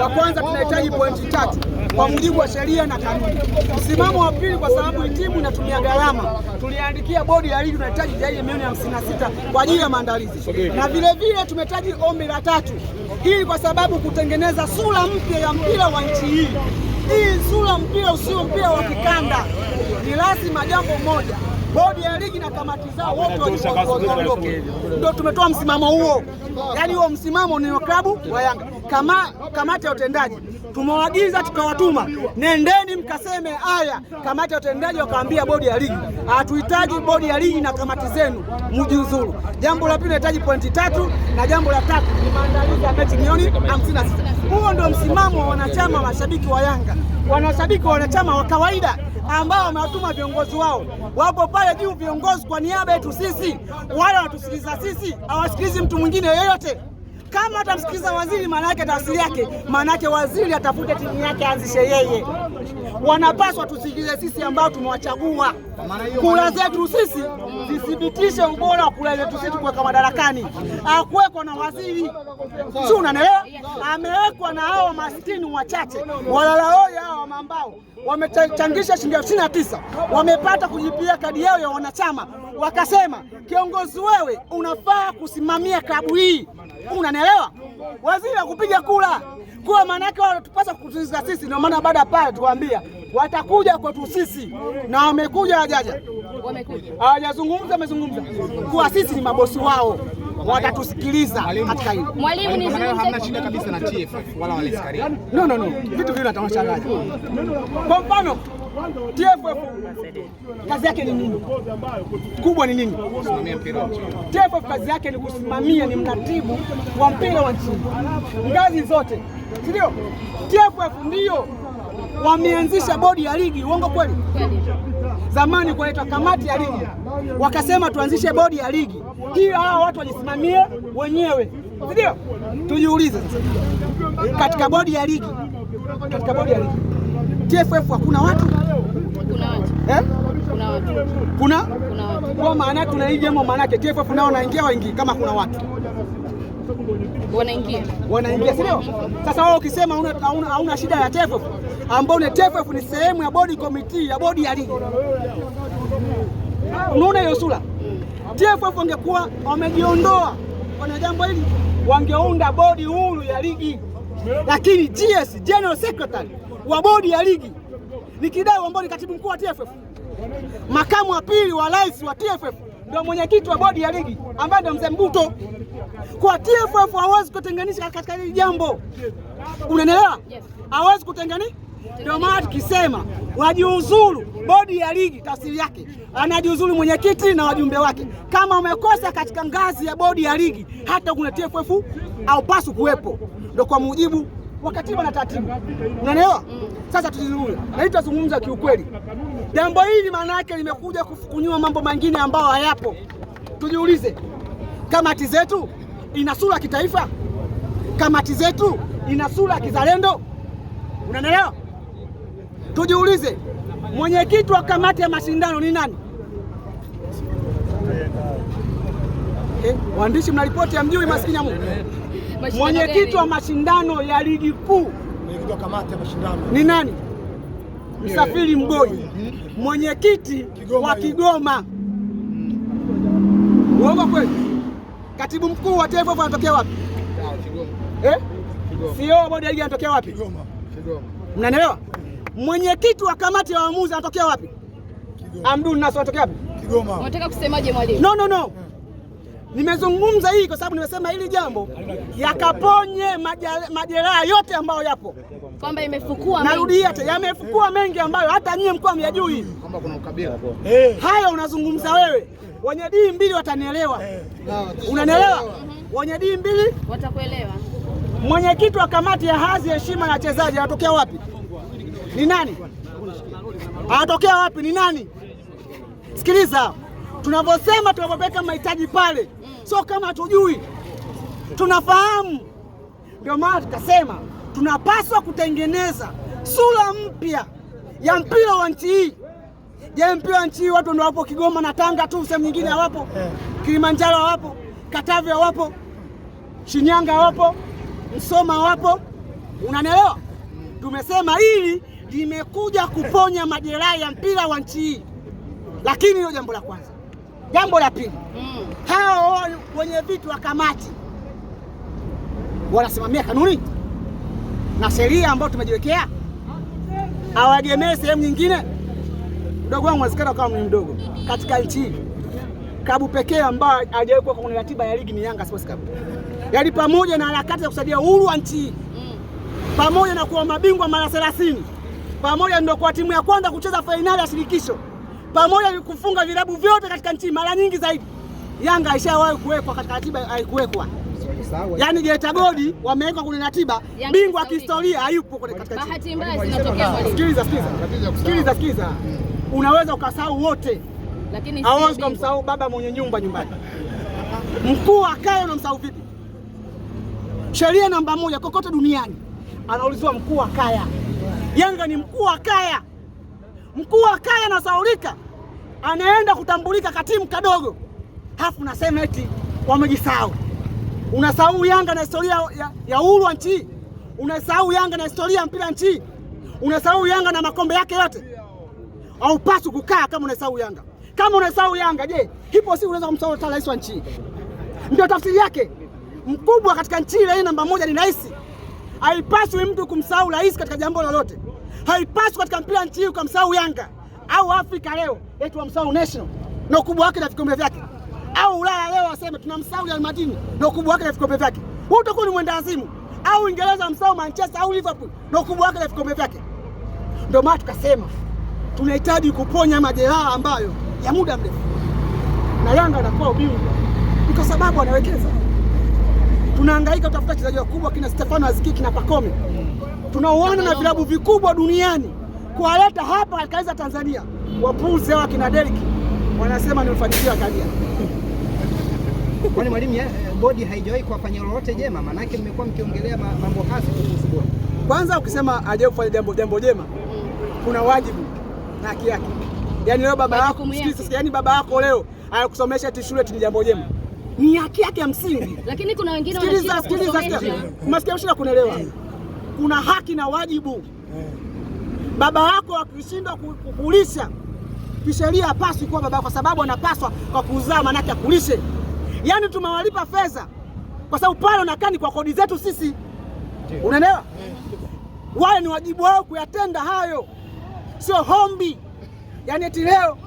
Wa kwanza tunahitaji pointi tatu kwa mujibu wa sheria na kanuni. Msimamo wa pili, kwa sababu timu inatumia gharama, tuliandikia bodi ya ligi tunahitaji zaidi ya milioni hamsini na sita kwa ajili ya maandalizi, na vilevile tumehitaji ombi la tatu ili kwa sababu kutengeneza sura mpya ya mpira wa nchi hii, hii sura mpya usio mpira wa kikanda. Ni lazima jambo moja bodi ya ligi na kamati zao wote waondoke. Ndio tumetoa msimamo huo, yaani huo msimamo ni klabu wa Yanga. Kama kamati ya utendaji tumewaagiza tukawatuma, nendeni mkaseme haya. Kamati ya utendaji wakaambia bodi ya ligi, hatuhitaji bodi ya ligi na kamati zenu, mjiuzuru. Jambo la pili nahitaji pointi tatu, na jambo la tatu ni maandalizi ya mechi milioni 56. Huo ndio msimamo wa wanachama, mashabiki wa Yanga, wanashabiki wa wanachama wa kawaida ambao wamewatuma viongozi wao, wapo pale juu viongozi kwa niaba yetu sisi. Wale wanatusikiliza sisi, hawasikilizi mtu mwingine yoyote. Kama atamsikiliza waziri, maana yake tafsiri yake, maana yake waziri atafute timu yake aanzishe yeye. Wanapaswa tusikilize sisi ambao tumewachagua. Kura zetu sisi zithibitishe ubora wa kura zetu sisi kuweka madarakani, akuwekwa na waziri, si unanielewa? amewekwa na hao maskini wachache walalahoi hao wamambao wamechangisha shilingi elfu na tisa wamepata kujipia kadi yao ya wanachama, wakasema kiongozi, wewe unafaa kusimamia klabu hii, unanielewa? Waziri akupiga kula kuwa maanake wanatupasa kutuzinza sisi. Ndio maana baada ya pale tukawaambia watakuja kwetu sisi, na wamekuja. Wajaja hawajazungumza, wamezungumza kuwa sisi ni mabosi wao watatusikiliza katika hili. Mwalimu ni hamna shida kabisa na TFF wala wale askari. No, no, no, vitu vile natamashagaji. Kwa mfano TFF kazi yake ni nini? Kubwa ni nini? Kusimamia mpira wa nchi. TFF kazi yake ni kusimamia, ni mratibu wa mpira wa nchi ngazi zote, sindio TFF ndio wameanzisha bodi ya ligi, uongo kweli? zamani kunaitwa kamati ya ligi, wakasema tuanzishe bodi ya ligi hii, hawa watu wajisimamie wenyewe, si ndio? Tujiulize katika bodi ya ligi, katika bodi ya ligi TFF hakuna watu eh? kuna kwa maana tuna maana yake TFF nao naingia waingii kama kuna watu wanaingia wanaingia, sio? Sasa wao ukisema hauna shida ya TFF, ambao ni TFF ni sehemu ya bodi committee ya bodi ya ligi. Unaona hiyo sura, TFF wangekuwa wamejiondoa kwenye jambo hili, wangeunda bodi huru ya ligi, lakini GS general secretary wa bodi ya ligi ni kidau ambao ni katibu mkuu wa TFF, makamu wa pili wa rais wa TFF ndio mwenyekiti wa bodi ya ligi ambaye ndio mzee kwa TFF hawezi kutenganisha katika hili jambo, unanielewa? Hawezi kutenganisha. Ndio maana tukisema wajiuzuru bodi ya ligi, tafsiri yake anajiuzuru mwenyekiti na wajumbe wake. Kama umekosa katika ngazi ya bodi ya ligi, hata kuna TFF haupaswi kuwepo, ndio kwa mujibu wa katiba na taratibu, unanielewa? Mm. Sasa tuzungumze na tutazungumza kiukweli, jambo hili maana yake limekuja kufukunyua mambo mengine ambayo hayapo. Tujiulize, kamati zetu ina sura ya kitaifa? Kamati zetu ina sura ya kizalendo? Unanielewa? Tujiulize, mwenyekiti wa kamati ya mashindano ni nani? Eh, waandishi ripoti ya mjui maskini ya Mungu. Mwenyekiti wa mashindano ya ligi kuu ni nani? Msafiri Mboi, mwenyekiti wa Kigoma. Uongo kweli? Katibu mkuu wa TFF anatokea wapi? Eh? CEO bodi ya ligi anatokea wapi? Mnanielewa? Mwenyekiti wa kamati ya waamuzi anatokea wapi? Amdun Naso anatokea wapi? Kigoma. Unataka kusemaje mwalimu? No, no, no. Nimezungumza hii kwa sababu nimesema hili jambo yakaponye majeraha yote ambayo yapo, kwamba imefukua. Narudia tena, yamefukua mengi ambayo hata nyie mko hamyajui kwamba kuna ukabila. Eh. Haya unazungumza wewe, wenye dini mbili watanielewa. Eh. Ah, Unanielewa? Mhm. Wenye dini mbili watakuelewa. Mwenyekiti wa kamati ya hadhi, heshima na wachezaji anatokea wapi? Ni nani? Anatokea wapi? Ni nani? Sikiliza, tunavyosema tunapopeka mahitaji pale, sio kama hatujui, tunafahamu. Ndio maana tukasema tunapaswa kutengeneza sura mpya ya mpira wa nchi hii. Je, mpira wa nchi watu ndio wapo Kigoma na Tanga tu, sehemu nyingine eh. hawapo. Eh. Kilimanjaro hawapo, Katavi hawapo, Shinyanga hawapo, Msoma hawapo. Unanielewa? Tumesema hili limekuja kuponya majeraha ya mpira wa nchi hii, lakini hiyo jambo la kwanza. Jambo la pili, hmm. hao wenye viti wa kamati wanasimamia kanuni na sheria ambayo tumejiwekea, hawaegemee sehemu nyingine. Mdogo wangu asikana kama ni mdogo katika nchi hii. Klabu pekee ambayo hajawahi kwenye ratiba ya ligi ni Yanga Sports Club. Yaani pamoja na harakati za kusaidia uhuru wa nchi hii. Pamoja na kuwa mabingwa mara 30. Pamoja ndio kwa timu ya kwanza kucheza fainali ya shirikisho. Pamoja na kufunga vilabu vyote katika nchi mara nyingi zaidi. Yanga haishawahi kuwekwa katika ratiba, haikuwekwa. Yaani Geita Gold wamewekwa kwenye ratiba, bingwa kihistoria hayupo katika nchi. Bahati mbaya zinatokea. Sikiliza, sikiliza. Sikiliza, sikiliza unaweza ukasahau wote, lakini hawezi kumsahau baba mwenye nyumba nyumbani. Mkuu akae, unamsahau vipi? Sheria namba moja kokote duniani anauliziwa mkuu wa kaya. Yanga ni mkuu wa kaya, mkuu wa kaya anasaulika, anaenda kutambulika katimu kadogo, halafu nasema eti wamejisahau. Unasahau Yanga na historia ya uhuru wa nchi, unasahau Yanga na historia ya mpira nchi, unasahau Yanga na makombe yake yote haupaswi kukaa kama unaisahau Yanga. Kama unaisahau Yanga, je, hipo si unaweza kumsahau hata rais wa nchi? Ndio tafsiri yake. Mkubwa katika nchi ile namba moja ni rais. Haipaswi mtu kumsahau rais katika jambo lolote. Haipaswi katika mpira nchi hii ukamsahau Yanga au Afrika leo eti wamsahau National na ukubwa wake na vikombe vyake, au Ulaya leo waseme tunamsahau Real Madrid na ukubwa wake na vikombe vyake. Huu utakuwa ni mwenda azimu, au Uingereza wamsahau Manchester au Liverpool na ukubwa wake na vikombe vyake. Ndio maana tukasema tunahitaji kuponya majeraha ambayo ya muda mrefu, na Yanga anakuwa ubingwa ni kwa sababu anawekeza. Tunahangaika kutafuta wachezaji wakubwa kina Stefano Aziki kina Pakome, tunaoana na vilabu vikubwa duniani kuwaleta hapa akaweza Tanzania. Wapuuzi hawa kina Derek wanasema ni mfanyikazi wa kalia Kwani mwalimu, eh, bodi haijawahi kuwafanyia lolote jema? Maanake mmekuwa mkiongelea mambo hasi Kwanza ukisema haijawahi kufanya jambo jambo jema, kuna wajibu na haki yake. Yaani leo baba yako msikize, yaani baba yako leo anakusomesha eti shule ni jambo jema, ni haki yake ya msingi. Lakini kuna wengine Sikiliza, sikiliza. Umesikia mshinda kunaelewa? Kuna haki na wajibu. Baba yako akishindwa kukulisha kisheria, hapaswi kuwa baba, kwa sababu anapaswa kwa kuzaa, manake akulishe. Yaani tumewalipa fedha kwa sababu pale unakaa ni kwa kodi zetu sisi, unaelewa? Wale ni wajibu wao kuyatenda hayo sio hombi. Yaani eti leo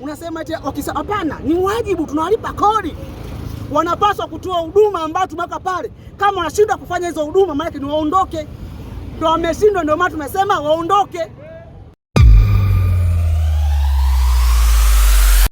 unasema eti okisa, hapana, ni wajibu, tunawalipa kodi, wanapaswa kutoa huduma ambayo tumeweka pale. Kama wanashindwa kufanya hizo huduma, maana ni waondoke. Ndio wameshindwa, ndio maana tumesema waondoke.